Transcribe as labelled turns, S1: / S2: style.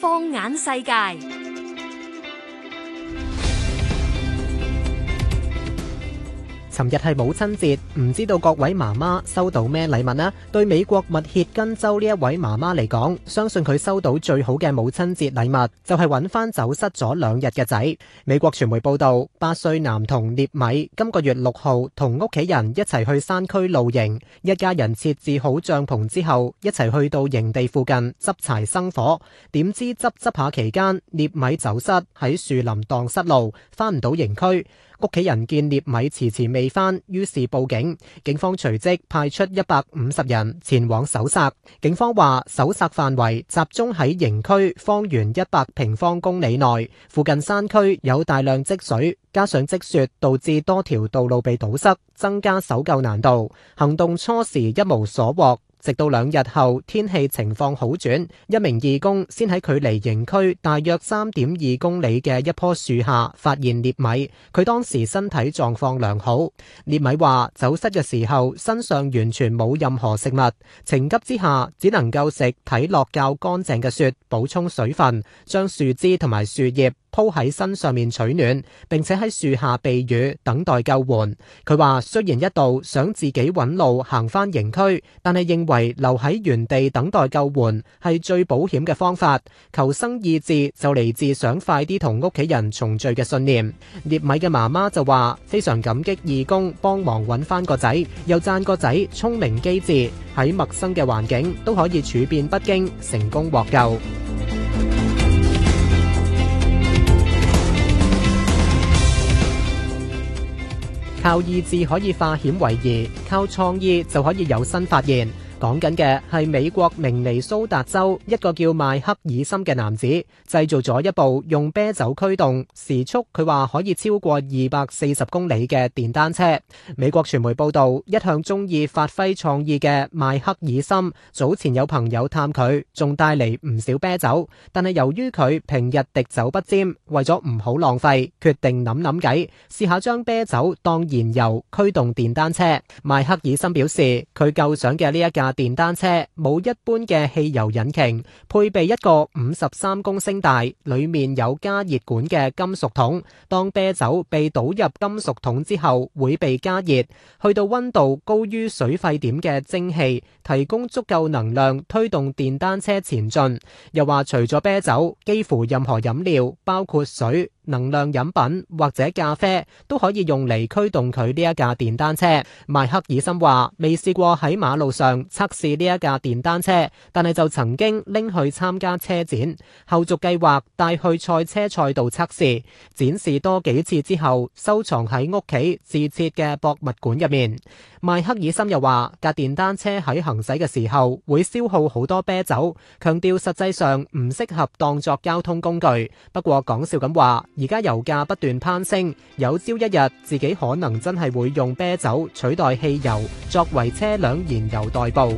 S1: 放眼世界。尋日係母親節，唔知道各位媽媽收到咩禮物呢？對美國密歇根州呢一位媽媽嚟講，相信佢收到最好嘅母親節禮物就係揾翻走失咗兩日嘅仔。美國傳媒報道，八歲男童聶米今個月六號同屋企人一齊去山區露營，一家人設置好帳篷之後，一齊去到營地附近執柴生火，點知執執下期間，聶米走失喺樹林蕩失路，翻唔到營區。屋企人見聶米遲遲遲未，未翻，於是報警。警方隨即派出一百五十人前往搜索。警方話，搜索範圍集中喺營區，方圓一百平方公里內。附近山區有大量積水，加上積雪，導致多條道路被堵塞，增加搜救難度。行動初時一無所獲。直到兩日後天氣情況好轉，一名義工先喺距離營區大約三點二公里嘅一棵樹下發現聶米。佢當時身體狀況良好。聶米話，走失嘅時候身上完全冇任何食物，情急之下只能夠食睇落較乾淨嘅雪補充水分，將樹枝同埋樹葉。鋪喺身上面取暖，並且喺樹下避雨等待救援。佢話雖然一度想自己揾路行返營區，但係認為留喺原地等待救援係最保險嘅方法。求生意志就嚟自想快啲同屋企人重聚嘅信念。聶米嘅媽媽就話非常感激義工幫忙揾翻個仔，又讚個仔聰明機智，喺陌生嘅環境都可以處變不驚，成功獲救。靠意志可以化險為夷，靠創意就可以有新發現。講緊嘅係美國明尼蘇達州一個叫邁克爾森嘅男子，製造咗一部用啤酒驅動、時速佢話可以超過二百四十公里嘅電單車。美國傳媒報道，一向中意發揮創意嘅邁克爾森，早前有朋友探佢，仲帶嚟唔少啤酒，但係由於佢平日滴酒不沾，為咗唔好浪費，決定諗諗計，試下將啤酒當燃油驅動電單車。邁克爾森表示，佢構想嘅呢一架。電單車冇一般嘅汽油引擎，配備一個五十三公升大，裏面有加熱管嘅金屬桶。當啤酒被倒入金屬桶之後，會被加熱，去到溫度高於水沸點嘅蒸汽，提供足夠能量推動電單車前進。又話除咗啤酒，幾乎任何飲料，包括水，能量飲品或者咖啡都可以用嚟驅動佢呢一架電單車。邁克爾森話：未試過喺馬路上測試呢一架電單車，但係就曾經拎去參加車展。後續計劃帶去賽車賽道測試，展示多幾次之後，收藏喺屋企自設嘅博物館入面。邁克爾森又話：架電單車喺行駛嘅時候會消耗好多啤酒，強調實際上唔適合當作交通工具。不過講笑咁話。而家油價不斷攀升，有朝一日自己可能真係會用啤酒取代汽油，作為車輛燃油代步。